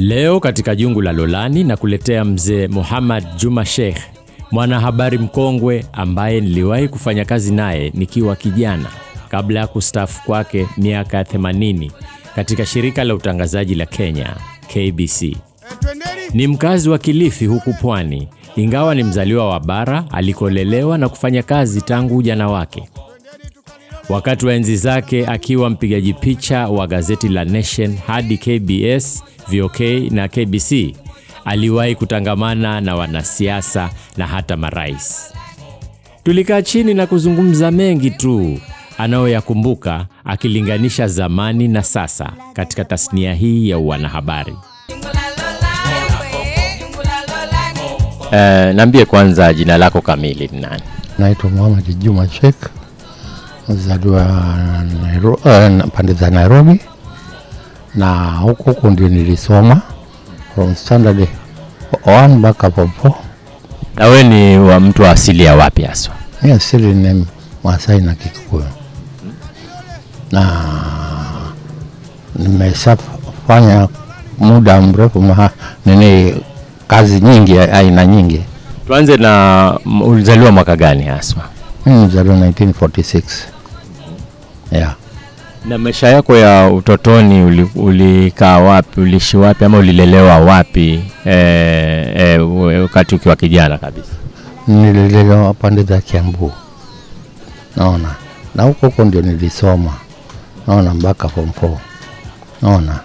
Leo katika Jungu la Lolani na kuletea mzee Muhammad Juma Sheikh, mwanahabari mkongwe ambaye niliwahi kufanya kazi naye nikiwa kijana kabla ya kustaafu kwake miaka ya 80 katika shirika la utangazaji la Kenya KBC. Ni mkazi wa Kilifi huku Pwani, ingawa ni mzaliwa wa bara alikolelewa na kufanya kazi tangu ujana wake. Wakati wa enzi zake akiwa mpigaji picha wa gazeti la Nation hadi KBS VOK na KBC aliwahi kutangamana na wanasiasa na hata marais. Tulikaa chini na kuzungumza mengi tu anayoyakumbuka akilinganisha zamani na sasa katika tasnia hii ya wanahabari. Uh, eh, naambie kwanza jina lako kamili ni nani? Naitwa Muhammad Juma Sheikh, mzaliwa uh, pande za Nairobi na huku huku ndio nilisoma from standard 1 mpaka form 4. Na wewe ni wa mtu wa asili ya wapi haswa ni asili ni Masai na Kikuyu, na nimeshafanya muda mrefu maha nini kazi nyingi aina nyingi. Tuanze na ulizaliwa mwaka gani haswa Mimi nilizaliwa 1946. Yeah. Na maisha yako ya utotoni ulikaa uli wapi, uliishi wapi ama ulilelewa wapi eh, eh, wakati e, e, ukiwa kijana kabisa? Nililelewa pande za Kiambu, naona na huko huko ndio nilisoma, naona mpaka form 4 naona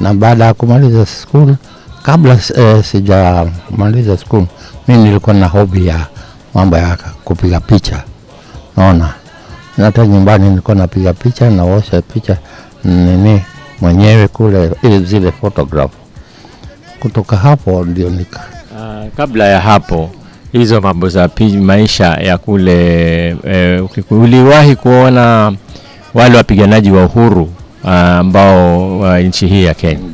na baada ya kumaliza school, kabla eh, sijamaliza school, mi nilikuwa na hobi ya mambo ya kupiga picha naona hata nyumbani nilikuwa napiga picha naosha picha nini mwenyewe kule, ili zile photograph. Kutoka hapo ndio nika uh, kabla ya hapo hizo mambo za maisha ya kule eh, uliwahi kuona wale wapiganaji wa uhuru ah, ambao uh, uh, nchi hii ya Kenya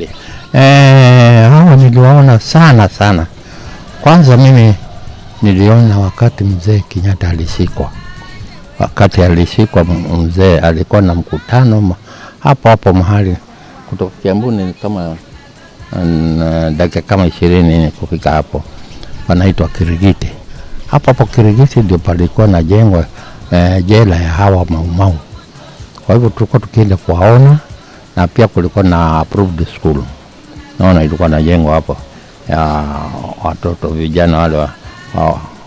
eh, niliwaona sana sana. Kwanza mimi niliona wakati mzee kinyatta alishikwa wakati alishikwa mzee alikuwa na mkutano hapo hapo mahali kutoka Kiambuni kama dakika kama ishirini ni kufika hapo, panaitwa Kirigiti. Hapo hapo Kirigiti ndio palikuwa na jengwa eh, jela ya hawa maumau. Kwa hivyo tulikuwa tukienda kuwaona, na pia kulikuwa na approved school, naona ilikuwa na jengo hapo ya watoto vijana wale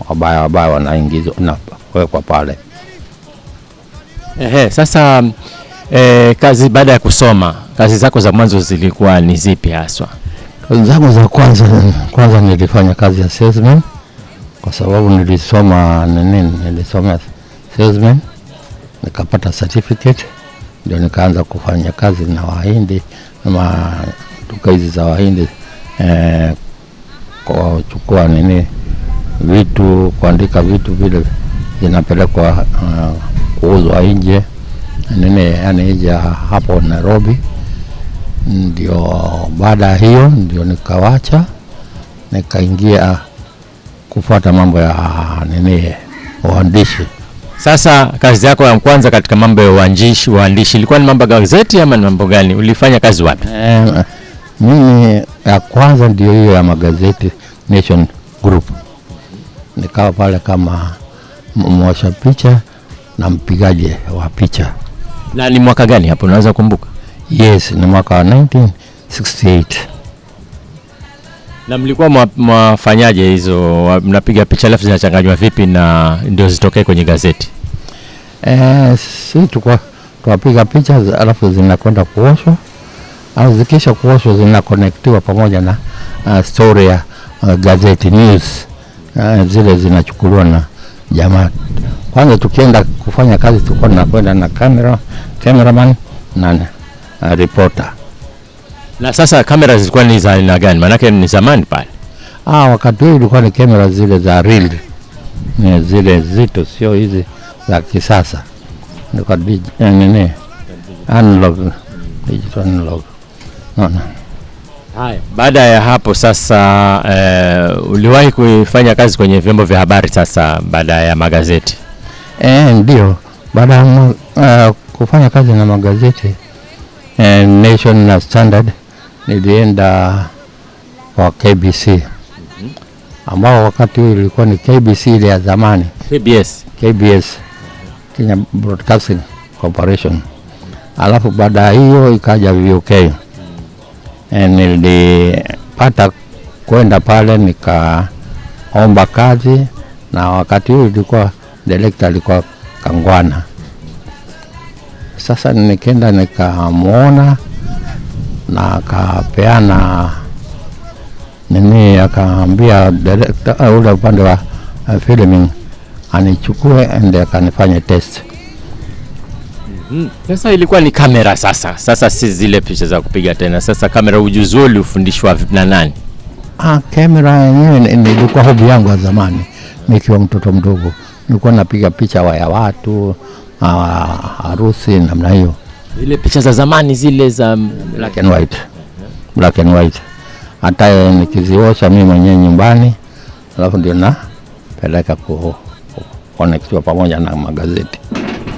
wabaya wabaya wanaingizwa na kuwekwa pale. Ehe, sasa e, kazi baada ya kusoma, kazi zako za mwanzo zilikuwa ni zipi haswa? Kazi zangu za kwanza, kwanza nilifanya kazi ya salesman kwa sababu nilisoma nini, nilisoma salesman nikapata certificate, ndio nikaanza kufanya kazi na Wahindi ama duka hizi za Wahindi e, kwa kuchukua nini vitu, kuandika vitu vile vinapelekwa uh, ah, kuuzwa nje nini, yani nje hapo Nairobi. Ndio baada ya hiyo ndio nikawacha nikaingia kufuata mambo ya nini uandishi. Sasa kazi yako ya kwanza katika mambo ya uandishi uandishi ilikuwa ni mambo gazeti ama ni mambo gani? Ulifanya kazi wapi? Eh, mimi ya kwanza ndio hiyo ya magazeti Nation Group, nikawa pale kama mwasha picha na mpigaji wa picha. Na ni mwaka gani hapo, unaweza kumbuka? Yes, ni mwaka wa 1968. Na mlikuwa mwafanyaje hizo, mnapiga picha alafu zinachanganywa vipi na ndio zitokee kwenye gazeti? Eh, si tuwapiga picha alafu zinakwenda kuoshwa au ah, zikisha kuoshwa zinakonektiwa pamoja na uh, story ya uh, gazeti news uh, zile zinachukuliwa na jamaa kwanza tukienda kufanya kazi tulikuwa tunakwenda na kamera, cameraman na uh, reporter. Na sasa kamera zilikuwa ni za aina gani? Maanake ni zamani pale. Ah, wakati huo ilikuwa ni kamera zile za reel, zile zito, sio hizi za kisasa, ilikuwa eh, nini, analog, digital analog. Naona haya. Baada ya hapo sasa, eh, uliwahi kufanya kazi kwenye vyombo vya habari sasa baada ya magazeti? Eh, ndio baada ya uh, kufanya kazi na magazeti eh, Nation na Standard nilienda kwa KBC mhm. ambao wakati huo ilikuwa ni KBC ile ya zamani KBS, KBS Kenya Broadcasting Corporation, alafu baada ya hiyo ikaja VUK eh, nilipata kwenda pale nikaomba kazi na wakati huo ilikuwa direkta alikuwa Kangwana. Sasa nikenda nikamwona na akapeana nini, akaambia direkta ah, ule upande wa eh, filming anichukue ende akanifanye test. Mm-hmm. Sasa ilikuwa ni kamera sasa. Sasa si zile picha za kupiga tena. Sasa kamera, ujuzi huo ulifundishwa na nani? Ah, kamera yenyewe nilikuwa hobi yangu ya zamani nikiwa mtoto mdogo nilikuwa napiga picha ya watu harusi namna hiyo, ile picha za zamani zile za black and white, black and white. Hata nikiziosha mimi mwenyewe nyumbani, alafu ndio napeleka kuonekishwa pamoja na magazeti.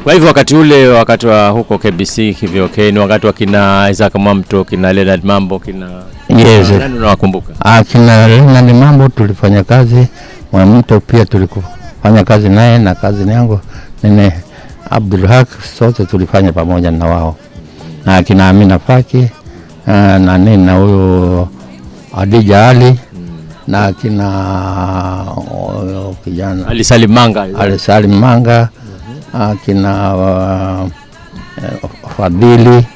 Kwa hivyo wakati ule, wakati wa huko KBC hivyo, okay, ni wakati wa kina Isaac Mwamto, kina Leonard Mambo, kina yes. Nani unawakumbuka? Ah, kina Leonard Mambo tulifanya kazi, Mwamto pia tulikuwa fanya kazi naye na kazi yangu nene Abdul Haq, sote tulifanya pamoja na wao na akina Amina Faki eh, na nini na huyu Adija Ali na akina oh, kijana Ali Salim Manga, Ali Salim Manga akina uh, Fadhili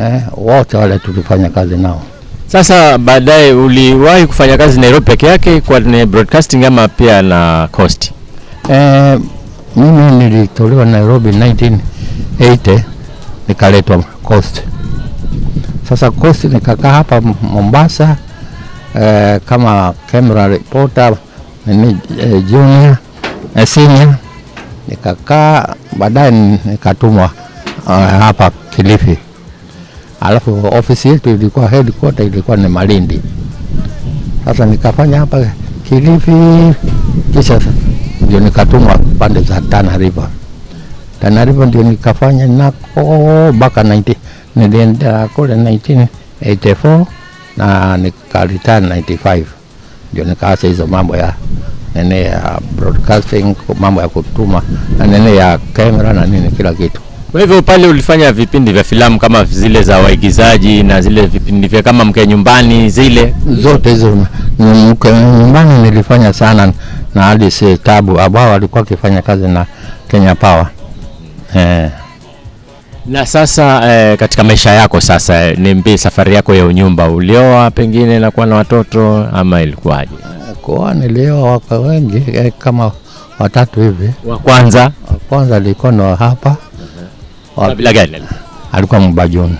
eh, wote wale tulifanya kazi nao. Sasa baadaye uliwahi kufanya kazi Nairobi peke yake kwa broadcasting ama pia na Coast? Eh, mimi nilitolewa Nairobi 1980 nikaletwa Coast. Sasa Coast nikakaa hapa Mombasa eh, kama camera reporter ni eh, junior eh, senior nikakaa, baadaye nikatumwa eh, hapa Kilifi alafu ofisi yetu ilikuwa headquarter ilikuwa ni Malindi. Sasa nikafanya hapa Kilifi, kisha ndio nikatumwa pande za Tana River. Tana River ndio nikafanya nako mpaka 90 nilienda kule 1984 na nikaritan 95 ndio nikaacha hizo mambo ya nene ya broadcasting, mambo ya kutuma na nene ya kamera na nini kila kitu. Kwa hivyo pale ulifanya vipindi vya filamu kama zile za waigizaji na zile vipindi vya kama mke nyumbani, zile zote hizo. Mke nyumbani nilifanya sana na hadi si tabu abao alikuwa akifanya kazi na Kenya Power eh. Na sasa eh, katika maisha yako sasa eh, niambie safari yako ya unyumba, ulioa pengine na kuwa na watoto ama ilikuwaje? Kwa nilioa wako wengi eh, kama watatu hivi. Wa kwanza wa kwanza alikuwa hapa wa gani alikuwa Mbajuni.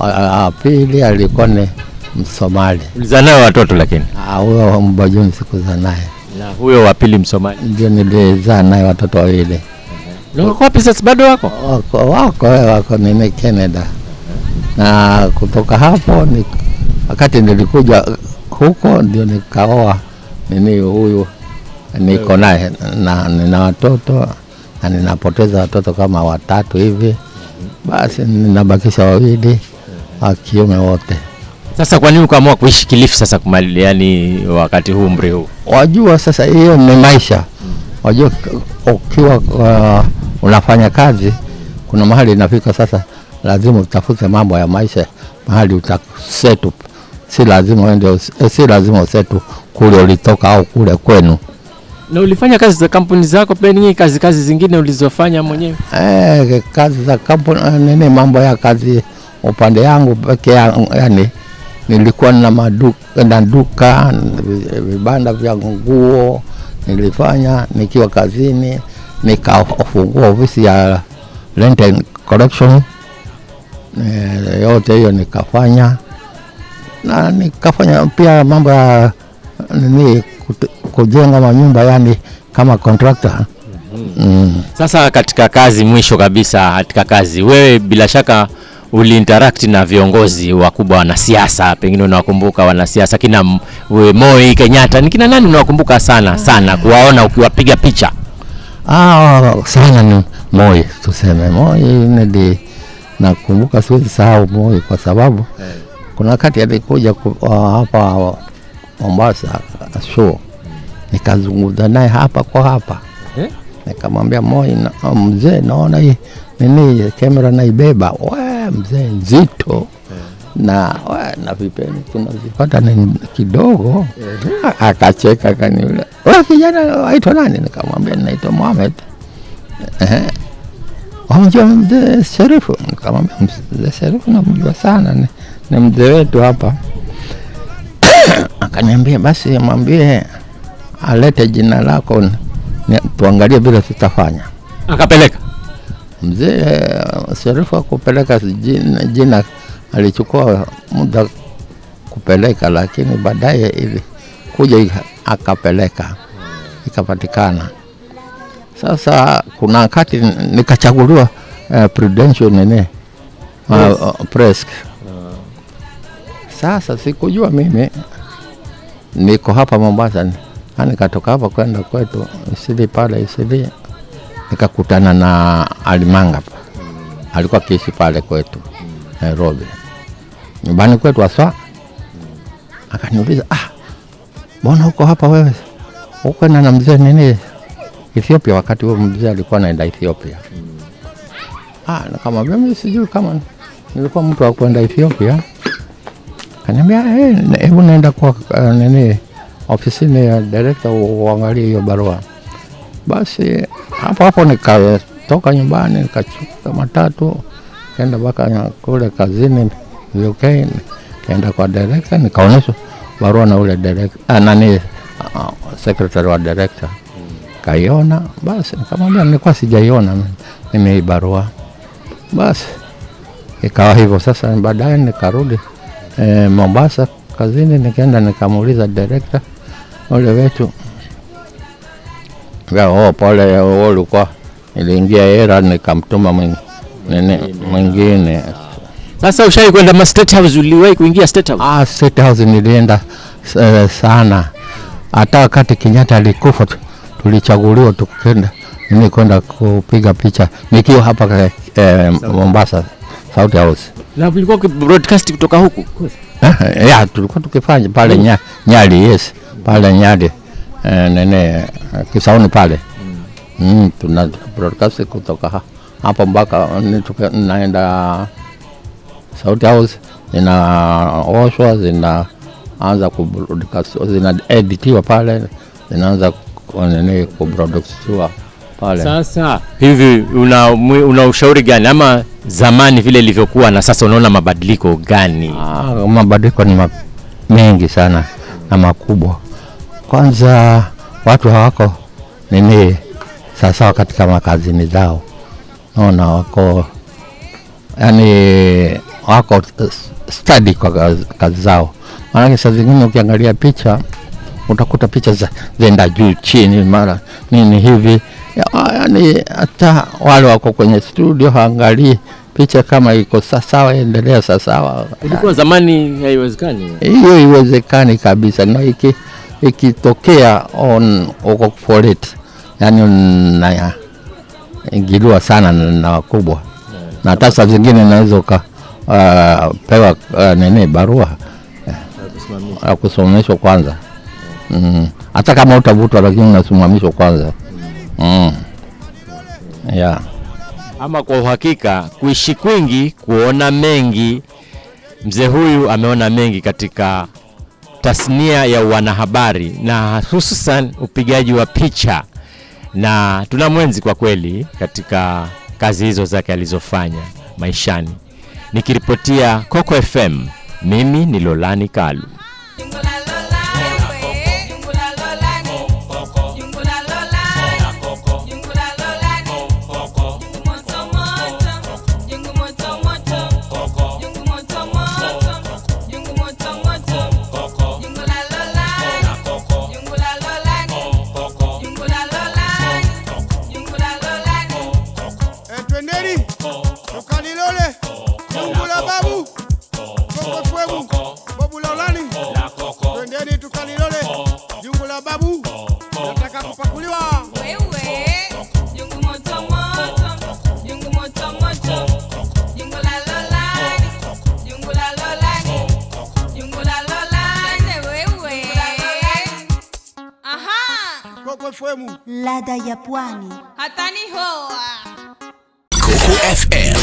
Uh-huh. Pili alikuwa ni Msomali. Ulizana watoto lakini? Ah, huyo wa Mbajuni sikuzaa naye. Na huyo wa pili Msomali. Ndio nilizaa naye watoto wawili. Eh, wako wapi sasa bado wako? Wako wako wako nini Canada. Na kutoka hapo ni wakati nilikuja huko ndio nikaoa nini huyu niko naye na nina watoto na ninapoteza watoto kama watatu hivi, basi ninabakisha wawili wa kiume wote. Sasa kwa nini ukaamua kuishi Kilifi sasa kumali, yani wakati huu umri huu? Wajua sasa hiyo ni maisha. Wajua ukiwa uh, unafanya kazi, kuna mahali inafika sasa, lazima utafute mambo ya maisha, mahali utasetu. Si lazima uende, si lazima usetu kule ulitoka au kule kwenu. Na ulifanya kazi za kampuni zako pia nini kazi kazi zingine ulizofanya mwenyewe? Eh, kazi za kampuni eh, nini, mambo ya kazi upande yangu peke yangu, yani nilikuwa na maduka na duka vibanda vya nguo nilifanya nikiwa kazini, nikafungua ofisi ya rent and collection e, yote hiyo nikafanya na nikafanya pia mambo ya nini kujenga manyumba yani kama kontrakta Mm Mm. Sasa katika kazi, mwisho kabisa, katika kazi wewe bila shaka uliinteract na viongozi wakubwa, wanasiasa, pengine unawakumbuka wanasiasa kina Moi, Kenyatta, ni kina nani unawakumbuka sana sana kuwaona ukiwapiga picha? Ah, sana ni Moi, tuseme Moi ndio nakumbuka, siwezi sahau Moi kwa sababu eh. Kuna wakati alikuja ah, hapa Mombasa show nikazungumza naye hapa kwa hapa eh? Nikamwambia Moi, oh, mzee, naona hii nini kamera naibeba, we mzee, nzito eh. na we, na vipeni tunazipata ni kidogo. Eh. Akacheka kaniule, we kijana waitwa nani? Nikamwambia naitwa Mohamed. Ehe, wamjua mzee Sherifu? Nikamwambia mzee Sherifu namjua sana, ni, ni mzee wetu hapa. Akaniambia basi mwambie alete jina lako tuangalie vile tutafanya. Akapeleka mzee Sherifu akupeleka jina, jina alichukua muda kupeleka, lakini baadaye ili kuja akapeleka ikapatikana. Sasa kuna wakati nikachaguliwa uh, Prudential nene uh, Presk. sasa sikujua mimi niko hapa Mombasa Nikatoka yaani hapo kwenda kwetu Isili, pale Isili nikakutana na Alimanga, alikuwa kiishi pale kwetu Nairobi, nyumbani kwetu aswa. Akaniuliza, ah, mbona uko hapa wewe, ukwenda na mzee nini Ethiopia? Wakati huo mzee alikuwa naenda Ethiopia. Ah, nikamwambia mimi sijui kama nilikuwa mtu wa kwenda Ethiopia. Kaniambia, eh, hebu naenda kwa eh, nini ofisini ya direkta uangalie hiyo barua. Basi hapo hapo nikatoka nyumbani nikachuka matatu kenda mpaka kule kazini UK, kenda kwa direkta nikaonyeshwa barua na ule direkta ah, nani, uh, sekretari wa direkta kaiona. Basi nikamwambia nilikuwa sijaiona mimi hii barua. Basi ikawa hivyo. Sasa baadaye nikarudi eh, Mombasa kazini, nikaenda nikamuuliza direkta ole vetu ya pole ya uhuru kwa iliingia hela nikamtuma mwingine. Sasa ushai kwenda ma State House, uliwahi kuingia State House? Ah, State House nilienda uh, sana hata wakati Kenyatta alikufa tulichaguliwa tukenda mimi kwenda kupiga picha nikiwa hapa eh, eh Mombasa South House. Na mlikuwa broadcast kutoka huku? Eh, ya tulikuwa tukifanya pale nya, Nyali, yes pale Nyali e, eh, nene Kisauni pale mm. Mm, tuna broadcast kutoka hapo mpaka naenda Sauti House, zinaoshwa zinaanza kubroadcast, zinaeditiwa pale zinaanza nene kubroadcastiwa pale. Sasa hivi una, una ushauri gani ama zamani vile ilivyokuwa na sasa, unaona mabadiliko gani? Ah, mabadiliko ni ma mengi sana na makubwa kwanza watu hawako nini sawasawa katika makazini zao, naona wako yani wako stadi kwa kazi zao. Maanake saa zingine ukiangalia picha utakuta picha zenda juu chini, mara nini hivi, yaani hata wale wako kwenye studio haangalii picha kama iko sawasawa, endelea sawasawa. Ilikuwa zamani haiwezekani hiyo, iwezekani kabisa na iki ikitokea on okokufoleti yani naingiliwa sana na wakubwa na tasa zingine naweza ukapewa uh, uh, nini barua yeah, uh, akusimamishwa kwanza mm-hmm. hata mm kama utavutwa lakini unasimamishwa kwanza mm. yeah. Ama kwa uhakika kuishi kwingi kuona mengi, mzee huyu ameona mengi katika tasnia ya wanahabari na hususan upigaji wa picha, na tuna mwenzi kwa kweli katika kazi hizo zake alizofanya maishani. Nikiripotia Coco FM, mimi ni Lolani Kalu. ladha ya pwani. Hatani hoa Coco FM,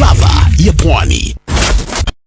ladha ya pwani.